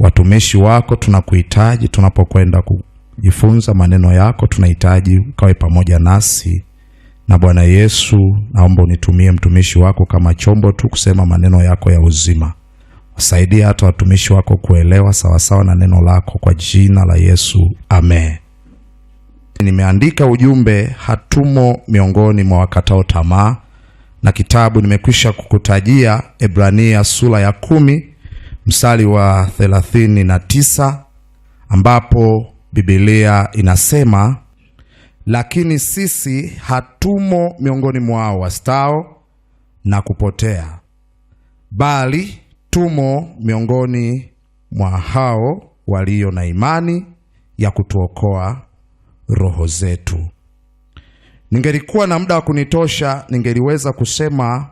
watumishi wako tunakuhitaji. Tunapokwenda kujifunza maneno yako, tunahitaji ukawe pamoja nasi. Na Bwana Yesu, naomba unitumie mtumishi wako kama chombo tu kusema maneno yako ya uzima. wasaidia hata watumishi wako kuelewa sawasawa na neno lako, kwa jina la Yesu, amen. Nimeandika ujumbe hatumo miongoni mwa wakatao tamaa, na kitabu nimekwisha kukutajia Ebrania sura ya kumi mstari wa 39 ambapo bibilia inasema, lakini sisi hatumo miongoni mwao wastao na kupotea, bali tumo miongoni mwa hao walio na imani ya kutuokoa roho zetu. Ningelikuwa na muda wa kunitosha, ningeliweza kusema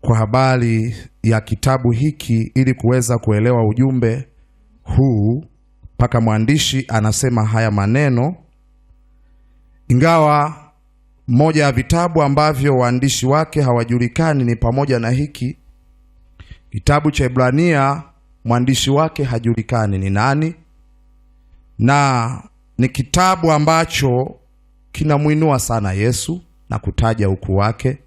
kwa habari ya kitabu hiki ili kuweza kuelewa ujumbe huu, mpaka mwandishi anasema haya maneno, ingawa moja ya vitabu ambavyo waandishi wake hawajulikani ni pamoja na hiki kitabu cha Ibrania. Mwandishi wake hajulikani ni nani, na ni kitabu ambacho kinamwinua sana Yesu na kutaja ukuu wake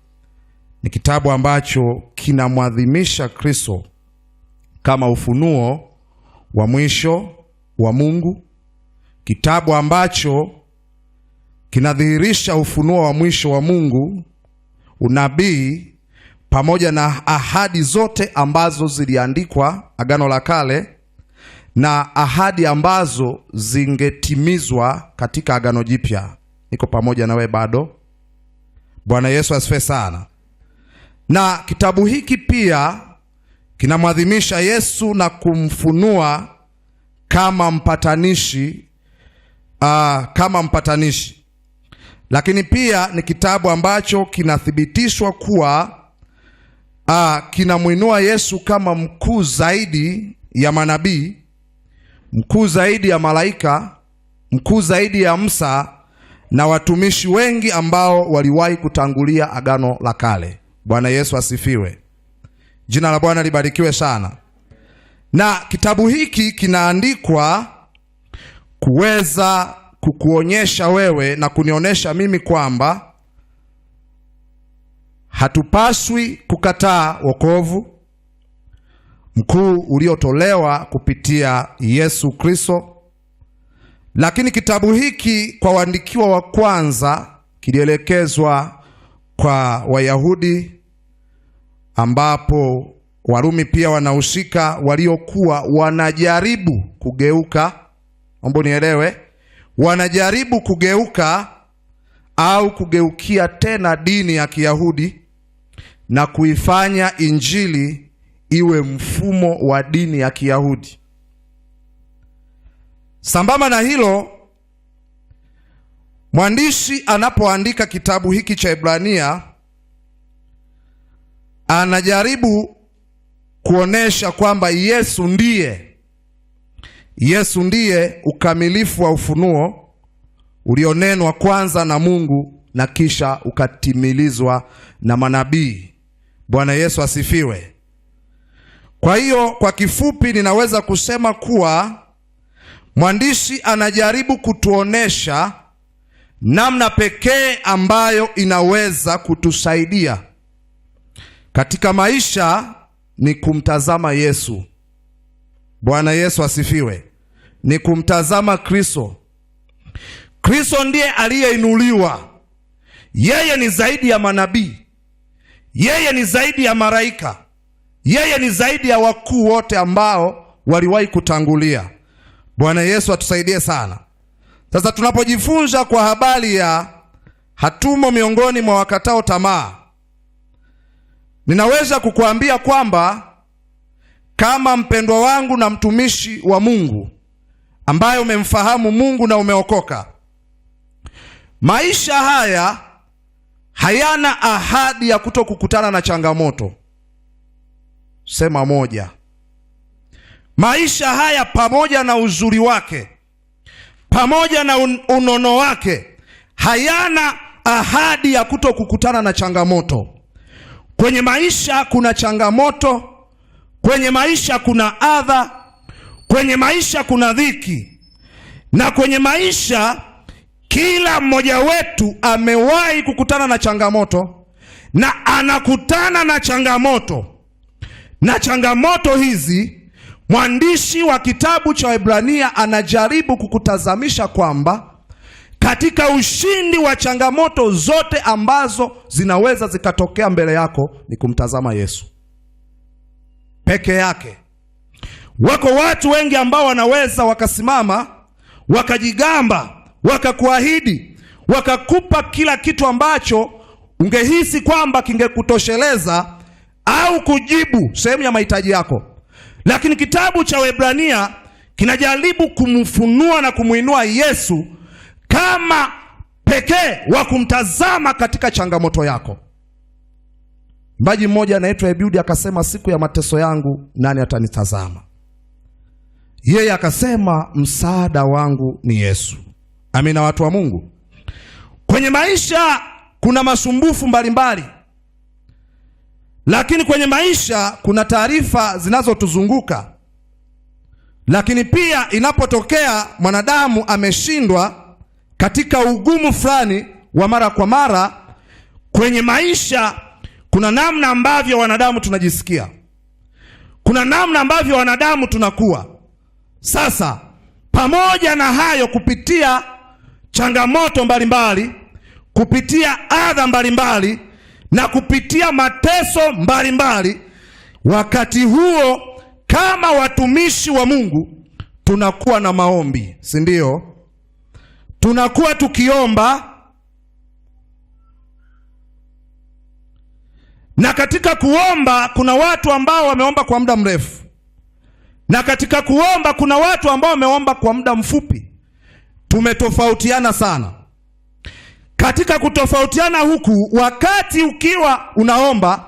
ni kitabu ambacho kinamwadhimisha Kristo kama ufunuo wa mwisho wa Mungu, kitabu ambacho kinadhihirisha ufunuo wa mwisho wa Mungu, unabii pamoja na ahadi zote ambazo ziliandikwa Agano la Kale na ahadi ambazo zingetimizwa katika Agano Jipya. Niko pamoja na wewe bado. Bwana Yesu asifiwe sana. Na kitabu hiki pia kinamwadhimisha Yesu na kumfunua kama mpatanishi uh, kama mpatanishi, lakini pia ni kitabu ambacho kinathibitishwa kuwa uh, kinamwinua Yesu kama mkuu zaidi ya manabii, mkuu zaidi ya malaika, mkuu zaidi ya Musa na watumishi wengi ambao waliwahi kutangulia Agano la Kale. Bwana Yesu asifiwe. Jina la Bwana libarikiwe sana. Na kitabu hiki kinaandikwa kuweza kukuonyesha wewe na kunionyesha mimi kwamba hatupaswi kukataa wokovu mkuu uliotolewa kupitia Yesu Kristo. Lakini kitabu hiki kwa waandikiwa wa kwanza kilielekezwa kwa Wayahudi ambapo Warumi pia wanahusika, waliokuwa wanajaribu kugeuka, ombo nielewe, wanajaribu kugeuka au kugeukia tena dini ya Kiyahudi na kuifanya Injili iwe mfumo wa dini ya Kiyahudi. Sambamba na hilo, mwandishi anapoandika kitabu hiki cha Ibrania anajaribu kuonesha kwamba Yesu ndiye Yesu ndiye ukamilifu wa ufunuo ulionenwa kwanza na Mungu na kisha ukatimilizwa na manabii. Bwana Yesu asifiwe. Kwa hiyo kwa kifupi, ninaweza kusema kuwa mwandishi anajaribu kutuonesha namna pekee ambayo inaweza kutusaidia katika maisha ni kumtazama Yesu. Bwana Yesu asifiwe. Ni kumtazama Kristo. Kristo ndiye aliyeinuliwa. Yeye ni zaidi ya manabii, yeye ni zaidi ya malaika, yeye ni zaidi ya wakuu wote ambao waliwahi kutangulia. Bwana Yesu atusaidie sana. Sasa tunapojifunza kwa habari ya hatumo miongoni mwa wakatao tamaa Ninaweza kukuambia kwamba kama mpendwa wangu na mtumishi wa Mungu ambaye umemfahamu Mungu na umeokoka, maisha haya hayana ahadi ya kuto kukutana na changamoto. Sema moja. Maisha haya pamoja na uzuri wake, pamoja na un unono wake, hayana ahadi ya kuto kukutana na changamoto. Kwenye maisha kuna changamoto, kwenye maisha kuna adha, kwenye maisha kuna dhiki, na kwenye maisha kila mmoja wetu amewahi kukutana na changamoto na anakutana na changamoto, na changamoto hizi mwandishi wa kitabu cha Waebrania anajaribu kukutazamisha kwamba katika ushindi wa changamoto zote ambazo zinaweza zikatokea mbele yako ni kumtazama Yesu peke yake. Wako watu wengi ambao wanaweza wakasimama wakajigamba wakakuahidi wakakupa kila kitu ambacho ungehisi kwamba kingekutosheleza au kujibu sehemu ya mahitaji yako, lakini kitabu cha Waebrania kinajaribu kumfunua na kumwinua Yesu kama pekee wa kumtazama katika changamoto yako. Mbaji mmoja anaitwa Ebiudi akasema, siku ya mateso yangu nani atanitazama? Yeye akasema, msaada wangu ni Yesu. Amina, watu wa Mungu. Kwenye maisha kuna masumbufu mbalimbali mbali. Lakini kwenye maisha kuna taarifa zinazotuzunguka, lakini pia inapotokea mwanadamu ameshindwa katika ugumu fulani wa mara kwa mara kwenye maisha, kuna namna ambavyo wanadamu tunajisikia, kuna namna ambavyo wanadamu tunakuwa. Sasa pamoja na hayo, kupitia changamoto mbalimbali mbali, kupitia adha mbalimbali mbali, na kupitia mateso mbalimbali mbali, wakati huo kama watumishi wa Mungu tunakuwa na maombi, si ndio? tunakuwa tukiomba na katika kuomba kuna watu ambao wameomba kwa muda mrefu, na katika kuomba kuna watu ambao wameomba kwa muda mfupi. Tumetofautiana sana katika kutofautiana huku. Wakati ukiwa unaomba,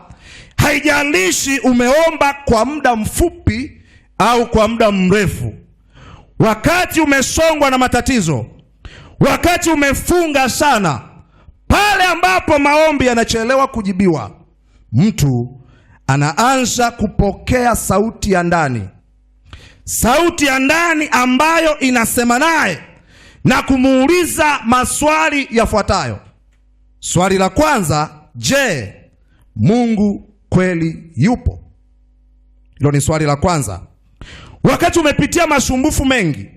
haijalishi umeomba kwa muda mfupi au kwa muda mrefu, wakati umesongwa na matatizo wakati umefunga sana. Pale ambapo maombi yanachelewa kujibiwa, mtu anaanza kupokea sauti ya ndani, sauti ya ndani ambayo inasema naye na kumuuliza maswali yafuatayo. Swali la kwanza, je, Mungu kweli yupo? Hilo ni swali la kwanza. Wakati umepitia masumbufu mengi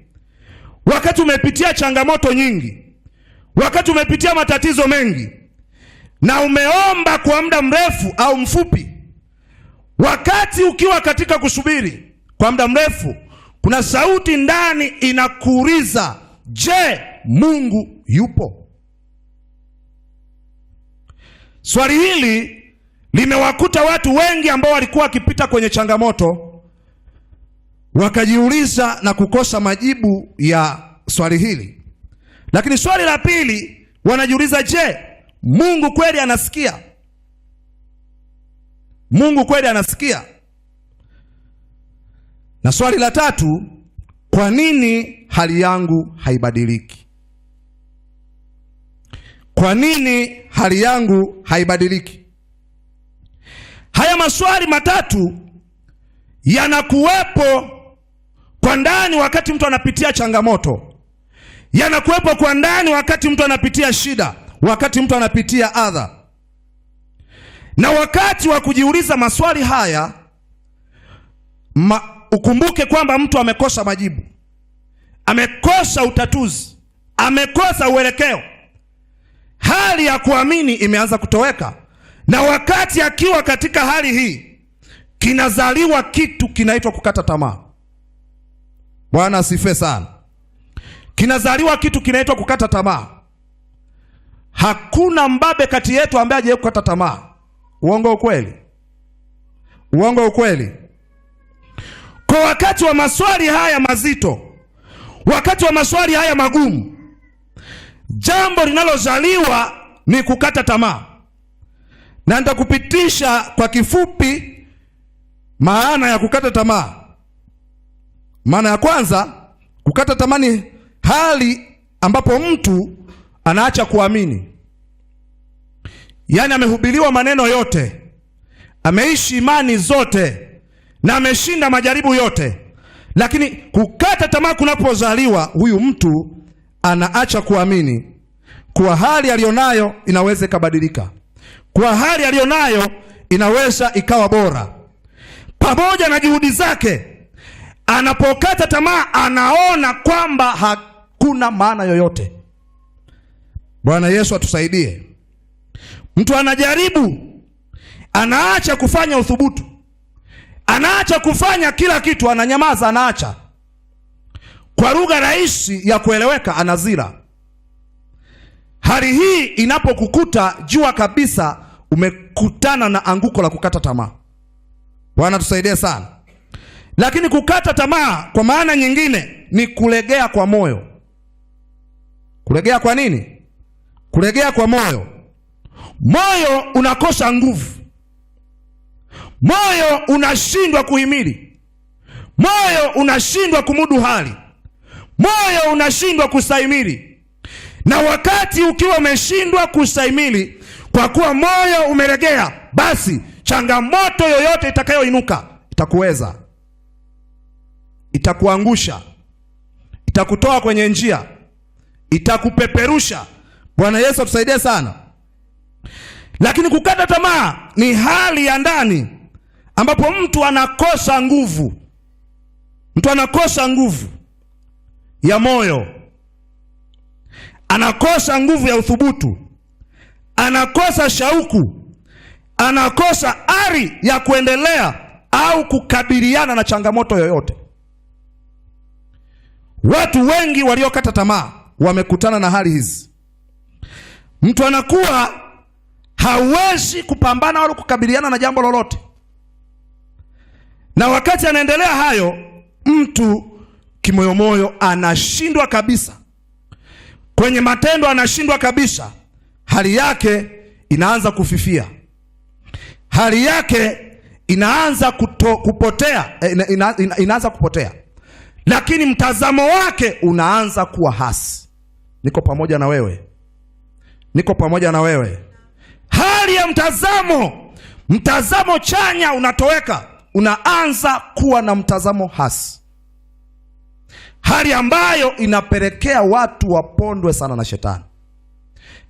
wakati umepitia changamoto nyingi, wakati umepitia matatizo mengi na umeomba kwa muda mrefu au mfupi, wakati ukiwa katika kusubiri kwa muda mrefu, kuna sauti ndani inakuuliza, je, Mungu yupo? Swali hili limewakuta watu wengi ambao walikuwa wakipita kwenye changamoto Wakajiuliza na kukosa majibu ya swali hili. Lakini swali la pili wanajiuliza, je, Mungu kweli anasikia? Mungu kweli anasikia? Na swali la tatu, kwa nini hali yangu haibadiliki? Kwa nini hali yangu haibadiliki? Haya maswali matatu yanakuwepo kwa ndani wakati mtu anapitia changamoto, yanakuwepo kwa ndani wakati mtu anapitia shida, wakati mtu anapitia adha. Na wakati wa kujiuliza maswali haya ma, ukumbuke kwamba mtu amekosa majibu, amekosa utatuzi, amekosa uelekeo. Hali ya kuamini imeanza kutoweka, na wakati akiwa katika hali hii kinazaliwa kitu kinaitwa kukata tamaa. Bwana asifiwe sana. Kinazaliwa kitu kinaitwa kukata tamaa. Hakuna mbabe kati yetu ambaye hajawahi kukata tamaa. Uongo ukweli? Uongo ukweli? Kwa wakati wa maswali haya mazito, wakati wa maswali haya magumu, jambo linalozaliwa ni kukata tamaa, na nitakupitisha kwa kifupi maana ya kukata tamaa. Maana ya kwanza, kukata tamani, hali ambapo mtu anaacha kuamini. Yaani amehubiriwa maneno yote, ameishi imani zote na ameshinda majaribu yote, lakini kukata tamaa kunapozaliwa, huyu mtu anaacha kuamini kuwa hali aliyonayo inaweza ikabadilika, kwa hali aliyonayo inaweza ikawa bora, pamoja na juhudi zake Anapokata tamaa, anaona kwamba hakuna maana yoyote. Bwana Yesu atusaidie. Mtu anajaribu, anaacha kufanya uthubutu, anaacha kufanya kila kitu, ananyamaza, anaacha. Kwa lugha rahisi ya kueleweka, anazira. Hali hii inapokukuta, jua kabisa umekutana na anguko la kukata tamaa. Bwana tusaidie sana. Lakini kukata tamaa kwa maana nyingine ni kulegea kwa moyo. Kulegea kwa nini? Kulegea kwa moyo. Moyo unakosa nguvu, moyo unashindwa kuhimili, moyo unashindwa kumudu hali, moyo unashindwa kustahimili. Na wakati ukiwa umeshindwa kustahimili, kwa kuwa moyo umelegea, basi changamoto yoyote itakayoinuka itakuweza itakuangusha, itakutoa kwenye njia, itakupeperusha. Bwana Yesu atusaidie sana. Lakini kukata tamaa ni hali ya ndani ambapo mtu anakosa nguvu, mtu anakosa nguvu ya moyo, anakosa nguvu ya uthubutu, anakosa shauku, anakosa ari ya kuendelea au kukabiliana na changamoto yoyote. Watu wengi waliokata tamaa wamekutana na hali hizi. Mtu anakuwa hawezi kupambana wala kukabiliana na jambo lolote, na wakati anaendelea hayo, mtu kimoyomoyo anashindwa kabisa, kwenye matendo anashindwa kabisa, hali yake inaanza kufifia, hali yake inaanza kuto, kupotea, eh, ina, ina, ina, inaanza kupotea lakini mtazamo wake unaanza kuwa hasi. Niko pamoja na wewe, niko pamoja na wewe. Hali ya mtazamo, mtazamo chanya unatoweka, unaanza kuwa na mtazamo hasi, hali ambayo inapelekea watu wapondwe sana na shetani,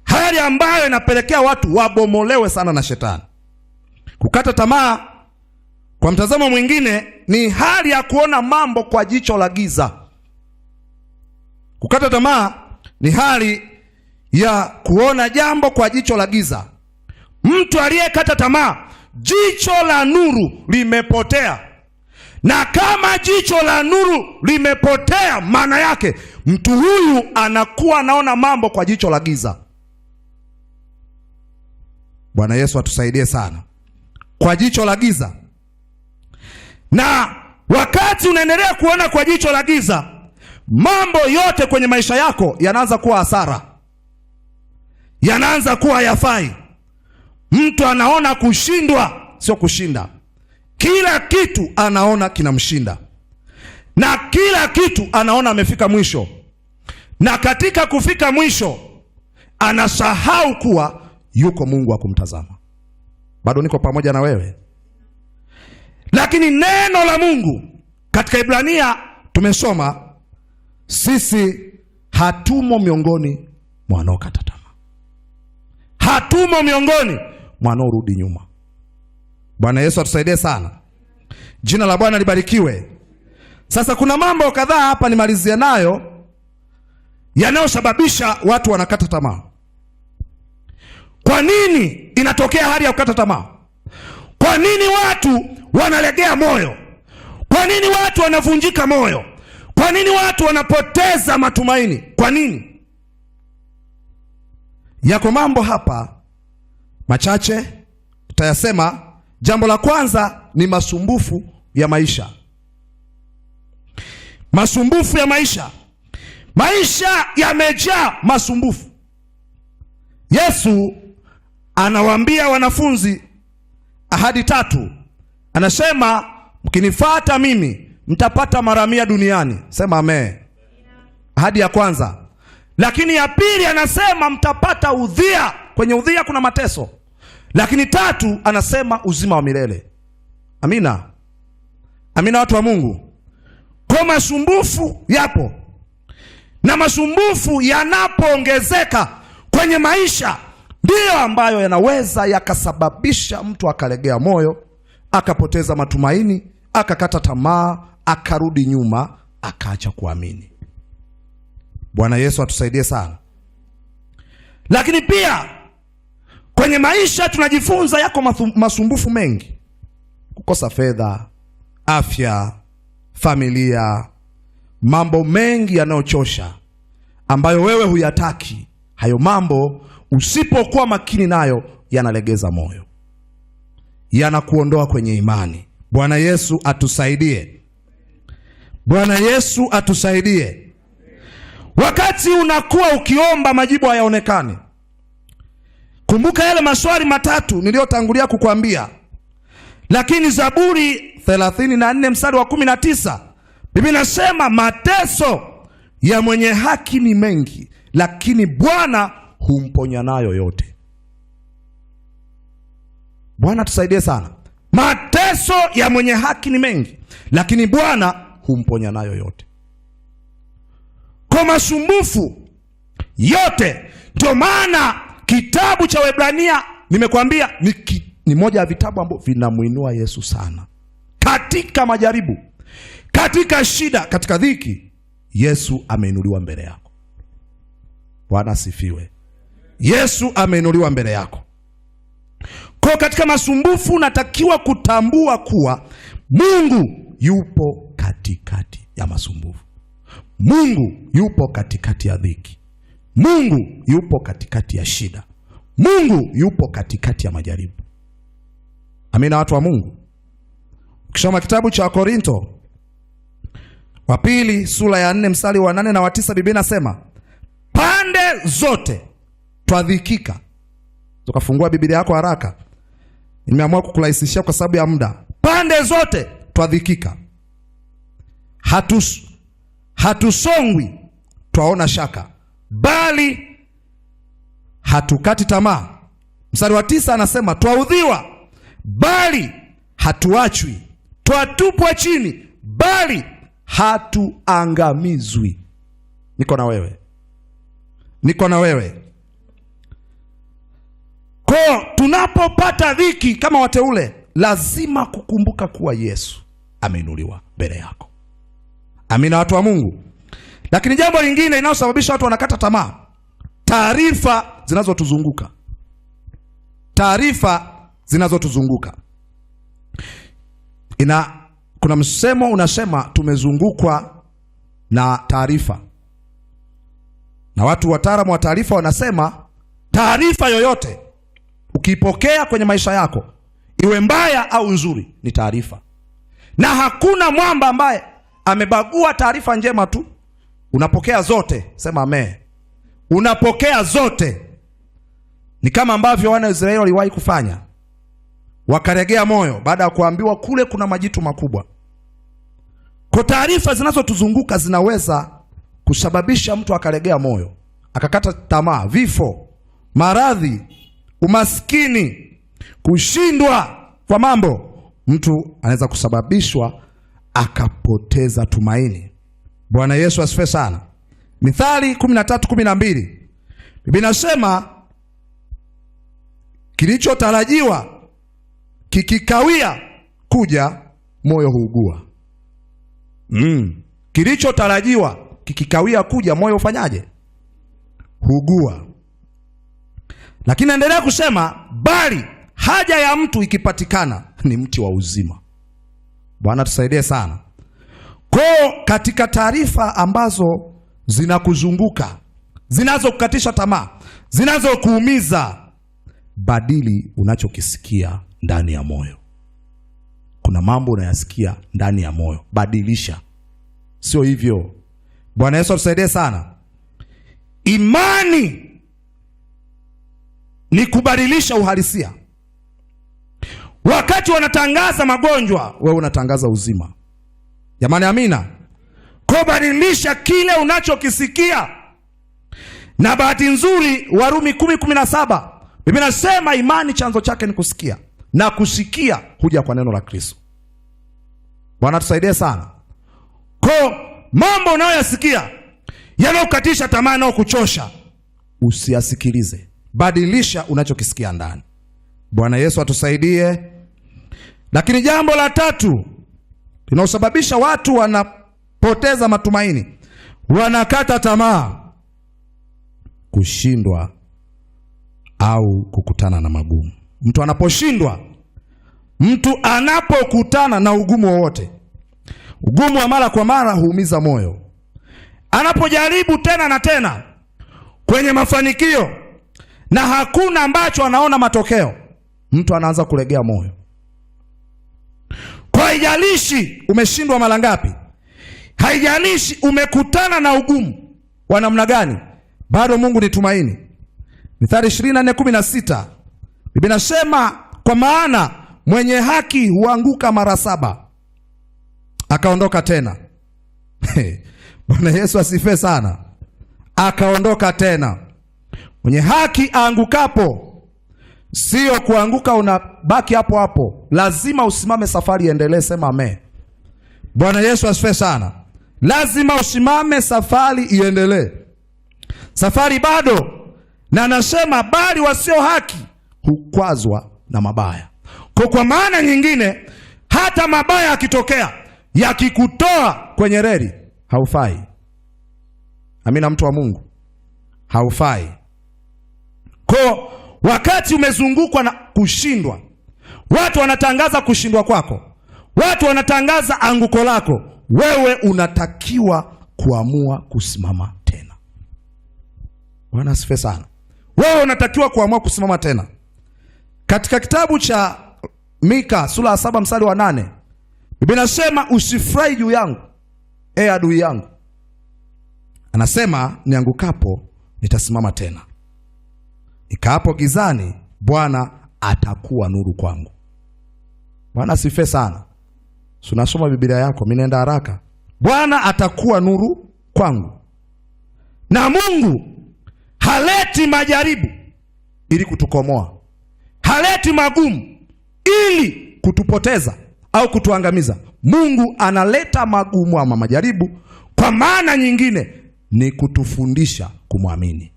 hali ambayo inapelekea watu wabomolewe sana na shetani, kukata tamaa kwa mtazamo mwingine ni hali ya kuona mambo kwa jicho la giza. Kukata tamaa ni hali ya kuona jambo kwa jicho la giza. Mtu aliyekata tamaa, jicho la nuru limepotea, na kama jicho la nuru limepotea, maana yake mtu huyu anakuwa anaona mambo kwa jicho la giza. Bwana Yesu atusaidie sana. Kwa jicho la giza na wakati unaendelea kuona kwa jicho la giza, mambo yote kwenye maisha yako yanaanza kuwa hasara, yanaanza kuwa yafai Mtu anaona kushindwa, sio kushinda. Kila kitu anaona kinamshinda, na kila kitu anaona amefika mwisho, na katika kufika mwisho anasahau kuwa yuko Mungu akumtazama. Bado niko pamoja na wewe. Lakini neno la Mungu katika Ibrania tumesoma, sisi hatumo miongoni mwa wanaokata tamaa, hatumo miongoni mwa wanaorudi nyuma. Bwana Yesu atusaidie sana, jina la Bwana libarikiwe. Sasa kuna mambo kadhaa hapa nimalizie nayo yanayosababisha watu wanakata tamaa. Kwa nini inatokea hali ya kukata tamaa? Kwa nini watu wanalegea moyo? Kwa nini watu wanavunjika moyo? Kwa nini watu wanapoteza matumaini? Kwa nini? Yako mambo hapa machache tutayasema. Jambo la kwanza ni masumbufu ya maisha. Masumbufu ya maisha, maisha yamejaa masumbufu. Yesu anawaambia wanafunzi ahadi tatu, anasema mkinifata mimi mtapata mara mia duniani. Sema amen. Ahadi ya kwanza, lakini ya pili anasema mtapata udhia. Kwenye udhia kuna mateso, lakini tatu anasema uzima wa milele. Amina, amina, watu wa Mungu. Kwa masumbufu yapo na masumbufu yanapoongezeka kwenye maisha ndiyo ambayo yanaweza yakasababisha mtu akalegea moyo, akapoteza matumaini, akakata tamaa, akarudi nyuma, akaacha kuamini. Bwana Yesu atusaidie sana. Lakini pia kwenye maisha tunajifunza, yako masumbufu mengi, kukosa fedha, afya, familia, mambo mengi yanayochosha ambayo wewe huyataki hayo mambo usipokuwa makini nayo, yanalegeza moyo, yanakuondoa kwenye imani. Bwana Yesu atusaidie, Bwana Yesu atusaidie. Wakati unakuwa ukiomba, majibu hayaonekani. Kumbuka yale maswali matatu niliyotangulia kukwambia. Lakini Zaburi 34 mstari wa 19 Biblia inasema mateso ya mwenye haki ni mengi, lakini Bwana humponya nayo yote. Bwana tusaidie sana. Mateso ya mwenye haki ni mengi, lakini Bwana humponya nayo yote, kwa masumbufu yote. Ndio maana kitabu cha Waebrania nimekwambia ni, ki, ni moja ya vitabu ambavyo vinamwinua Yesu sana katika majaribu, katika shida, katika dhiki. Yesu ameinuliwa mbele yako. Bwana asifiwe. Yesu ameinuliwa mbele yako. Kwa katika masumbufu unatakiwa kutambua kuwa Mungu yupo katikati ya masumbufu. Mungu yupo katikati ya dhiki. Mungu yupo katikati ya shida. Mungu yupo katikati ya majaribu. Amina, watu wa Mungu. Ukisoma kitabu cha Korinto wa pili sura ya nne mstari wa nane na wa tisa Biblia inasema pande zote twadhikika. Tukafungua Biblia yako haraka, nimeamua kukurahisishia kwa sababu ya muda. Pande zote twadhikika, hatus hatusongwi, twaona shaka, bali hatukati tamaa. Mstari wa tisa anasema twaudhiwa, bali hatuachwi, twatupwa chini, bali hatuangamizwi. Niko na wewe, niko na wewe. Kwa tunapopata dhiki kama wateule, lazima kukumbuka kuwa Yesu ameinuliwa mbele yako. Amina, watu wa Mungu. Lakini jambo lingine linalosababisha watu wanakata tamaa, taarifa zinazotuzunguka, taarifa zinazotuzunguka ina, kuna msemo unasema tumezungukwa na taarifa, na watu wataalamu wa taarifa wanasema taarifa yoyote ukiipokea kwenye maisha yako, iwe mbaya au nzuri, ni taarifa, na hakuna mwamba ambaye amebagua taarifa njema tu. Unapokea zote, sema amen. Unapokea zote, ni kama ambavyo wana Israeli waliwahi kufanya, wakaregea moyo baada ya kuambiwa kule kuna majitu makubwa. Kwa taarifa zinazotuzunguka zinaweza kusababisha mtu akaregea moyo, akakata tamaa, vifo, maradhi umaskini, kushindwa kwa mambo, mtu anaweza kusababishwa akapoteza tumaini. Bwana Yesu asifiwe sana. Mithali 13:12 Biblia inasema kilichotarajiwa kikikawia kuja, moyo huugua. Mm. Kilichotarajiwa kikikawia kuja, moyo hufanyaje? Huugua. Lakini naendelea kusema, bali haja ya mtu ikipatikana ni mti wa uzima. Bwana tusaidie sana. Kwa katika taarifa ambazo zinakuzunguka zinazokukatisha tamaa, zinazokuumiza, badili unachokisikia ndani ya moyo. Kuna mambo unayasikia ndani ya moyo, badilisha. Sio hivyo. Bwana Yesu atusaidie sana. Imani ni kubadilisha uhalisia. Wakati wanatangaza magonjwa, wewe unatangaza uzima. Jamani, amina. kubadilisha kile unachokisikia. Na bahati nzuri, Warumi 10:17 Biblia inasema imani chanzo chake ni kusikia, na kusikia huja kwa neno la Kristo. Bwana tusaidie sana. Ko, mambo unayoyasikia yanayokatisha tamaa, kuchosha usiyasikilize badilisha unachokisikia ndani. Bwana Yesu atusaidie. Lakini jambo la tatu linaosababisha watu wanapoteza matumaini, wanakata tamaa, kushindwa au kukutana na magumu. Mtu anaposhindwa, mtu anapokutana na ugumu wowote, ugumu wa mara kwa mara huumiza moyo. Anapojaribu tena na tena kwenye mafanikio na hakuna ambacho anaona matokeo, mtu anaanza kulegea moyo. Kwa haijalishi umeshindwa mara ngapi, haijalishi umekutana na ugumu wa namna gani, bado Mungu ni tumaini. Mithali 24:16 Biblia inasema, kwa maana mwenye haki huanguka mara saba akaondoka tena. Bwana Yesu asifiwe sana, akaondoka tena. Mwenye haki aangukapo, sio kuanguka unabaki hapo hapo, lazima usimame, safari iendelee. Sema amen. Bwana Yesu asifiwe sana. Lazima usimame, safari iendelee, safari bado. Na anasema bali wasio haki hukwazwa na mabaya. Kwa kwa maana nyingine, hata mabaya yakitokea, yakikutoa kwenye reli, haufai. Amina, mtu wa Mungu, haufai ko wakati umezungukwa na kushindwa, watu wanatangaza kushindwa kwako, watu wanatangaza anguko lako, wewe unatakiwa kuamua kusimama tena. Bwana asifiwe sana. Wewe unatakiwa kuamua kusimama tena. Katika kitabu cha Mika sura ya saba mstari wa nane Biblia inasema usifurahi juu yangu, e adui yangu, anasema niangukapo nitasimama tena nikaapo gizani, Bwana atakuwa nuru kwangu. Bwana sife sana. Sunasoma Biblia yako, mimi naenda haraka. Bwana atakuwa nuru kwangu, na Mungu haleti majaribu ili kutukomoa, haleti magumu ili kutupoteza au kutuangamiza. Mungu analeta magumu ama majaribu, kwa maana nyingine ni kutufundisha kumwamini.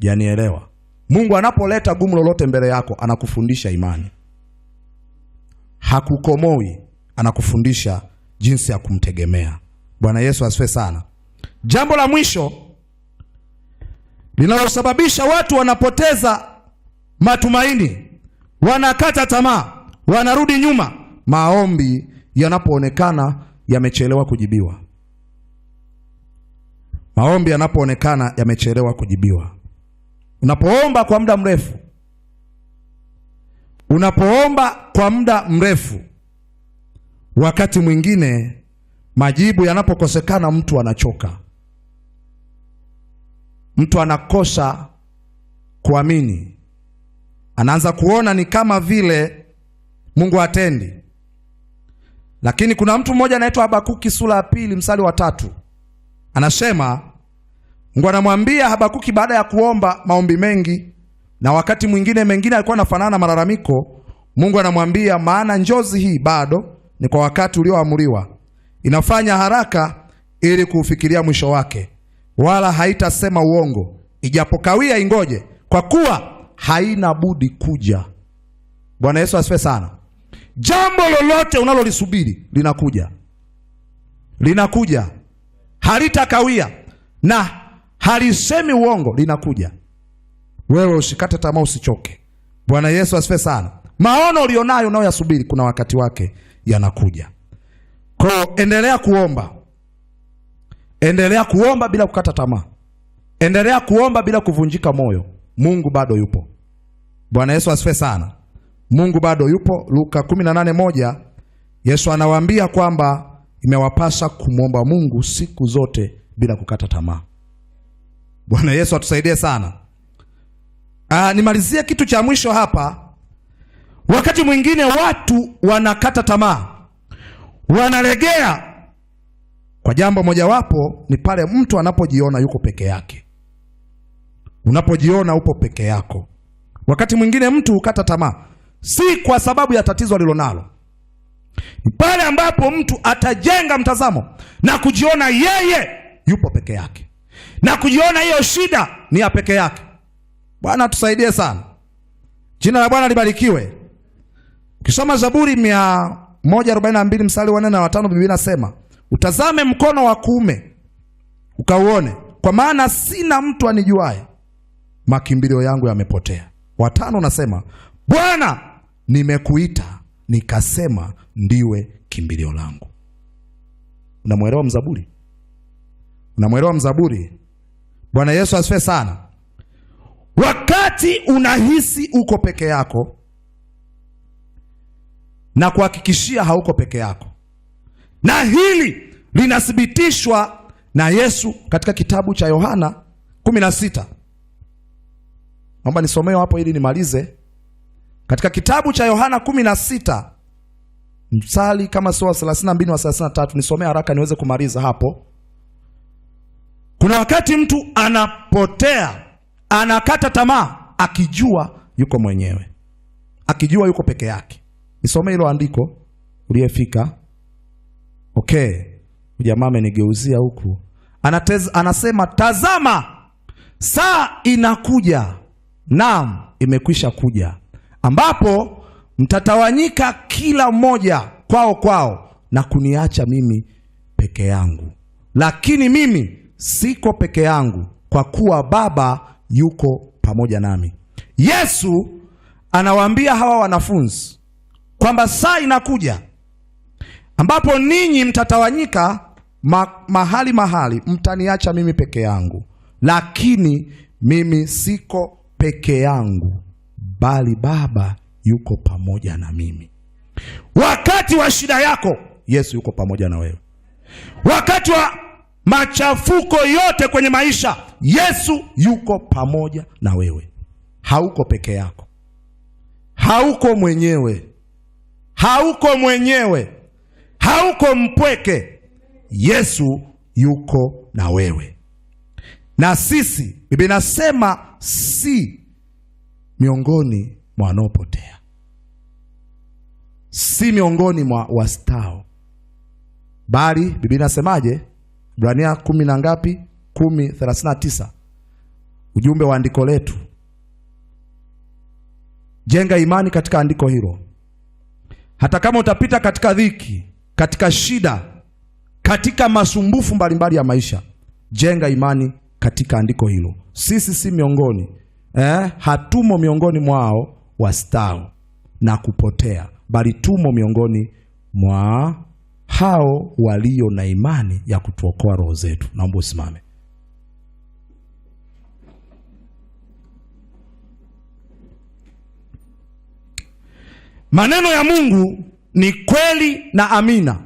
Janielewa? Mungu anapoleta gumu lolote mbele yako anakufundisha imani, hakukomoi, anakufundisha jinsi ya kumtegemea. Bwana Yesu asifiwe sana. Jambo la mwisho linalosababisha watu wanapoteza matumaini, wanakata tamaa, wanarudi nyuma, maombi yanapoonekana yamechelewa kujibiwa. Maombi yanapoonekana yamechelewa kujibiwa. Unapoomba kwa muda mrefu, unapoomba kwa muda mrefu, wakati mwingine majibu yanapokosekana, mtu anachoka, mtu anakosa kuamini, anaanza kuona ni kama vile Mungu atendi Lakini kuna mtu mmoja anaitwa Habakuki sura ya pili mstari wa tatu anasema Mungu anamwambia Habakuki baada ya kuomba maombi mengi na wakati mwingine mengine alikuwa anafanana na malalamiko. Mungu anamwambia, maana njozi hii bado ni kwa wakati ulioamriwa, inafanya haraka ili kuufikiria mwisho wake, wala haitasema uongo. Ijapokawia ingoje, kwa kuwa haina budi kuja. Bwana Yesu asifiwe sana. Jambo lolote unalolisubiri linakuja, linakuja, halitakawia na halisemi uongo, linakuja. Wewe usikate tamaa, usichoke. Bwana Yesu asifiwe sana. Maono ulionayo nayo yasubiri, kuna wakati wake yanakuja. Kwa endelea kuomba, endelea kuomba bila kukata tamaa, endelea kuomba bila kuvunjika moyo. Mungu bado yupo. Bwana Yesu asifiwe sana. Mungu bado yupo. Luka 18:1 Yesu anawaambia kwamba imewapasa kumwomba Mungu siku zote bila kukata tamaa. Bwana Yesu atusaidie sana. Aa, ah, nimalizie kitu cha mwisho hapa. Wakati mwingine watu wanakata tamaa, wanalegea kwa jambo mojawapo, ni pale mtu anapojiona yuko peke yake. Unapojiona upo peke yako, wakati mwingine mtu hukata tamaa, si kwa sababu ya tatizo alilonalo ni pale ambapo mtu atajenga mtazamo na kujiona yeye yupo peke yake na kujiona hiyo shida ni ya peke yake. Bwana tusaidie sana, jina la Bwana libarikiwe. Ukisoma Zaburi 142 mstari wa 4 na 5, Biblia inasema utazame mkono wa kuume ukauone, kwa maana sina mtu anijuaye, makimbilio yangu yamepotea. Watano nasema Bwana, nimekuita nikasema, ndiwe kimbilio langu. Unamwelewa mzaburi? Unamwelewa mzaburi? Bwana Yesu asifiwe sana. Wakati unahisi uko peke yako, na kuhakikishia hauko peke yako, na hili linathibitishwa na Yesu katika kitabu cha Yohana 16. Naomba nisomee hapo ili nimalize. Katika kitabu cha Yohana 16 mstari kama sio 32 na 33, nisomee haraka niweze kumaliza hapo. Kuna wakati mtu anapotea, anakata tamaa akijua yuko mwenyewe, akijua yuko peke yake. Nisome hilo andiko uliyefika. Okay, jamaa amenigeuzia huku, anasema tazama, saa inakuja, naam, imekwisha kuja, ambapo mtatawanyika kila mmoja kwao kwao na kuniacha mimi peke yangu, lakini mimi siko peke yangu, kwa kuwa Baba yuko pamoja nami. Yesu anawaambia hawa wanafunzi kwamba saa inakuja ambapo ninyi mtatawanyika ma, mahali mahali, mtaniacha mimi peke yangu, lakini mimi siko peke yangu, bali Baba yuko pamoja na mimi. Wakati wa shida yako Yesu yuko pamoja na wewe, wakati wa machafuko yote kwenye maisha, Yesu yuko pamoja na wewe. Hauko peke yako, hauko mwenyewe, hauko mwenyewe, hauko mpweke. Yesu yuko na wewe na sisi. Biblia inasema si miongoni mwa wanaopotea, si miongoni mwa wastao, bali Biblia inasemaje? Ibrania kumi na ngapi? Kumi thelathini na tisa. Ujumbe wa andiko letu, jenga imani katika andiko hilo. Hata kama utapita katika dhiki, katika shida, katika masumbufu mbalimbali ya maisha, jenga imani katika andiko hilo. Sisi si miongoni eh, hatumo miongoni mwao wastao na kupotea, bali tumo miongoni mwa hao walio na imani ya kutuokoa roho zetu. Naomba usimame. Maneno ya Mungu ni kweli na amina.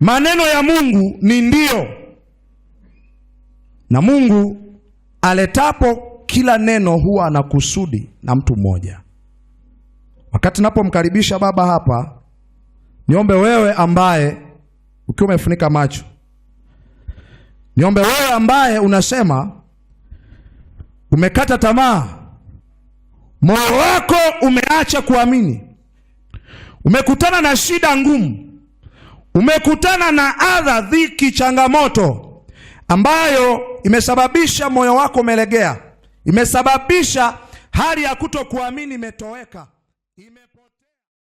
Maneno ya Mungu ni ndio, na Mungu aletapo kila neno huwa ana kusudi na mtu mmoja. Wakati napomkaribisha baba hapa Niombe wewe ambaye ukiwa umefunika macho, niombe wewe ambaye unasema umekata tamaa, moyo wako umeacha kuamini, umekutana na shida ngumu, umekutana na adha, dhiki, changamoto ambayo imesababisha moyo wako umelegea, imesababisha hali ya kutokuamini imetoweka.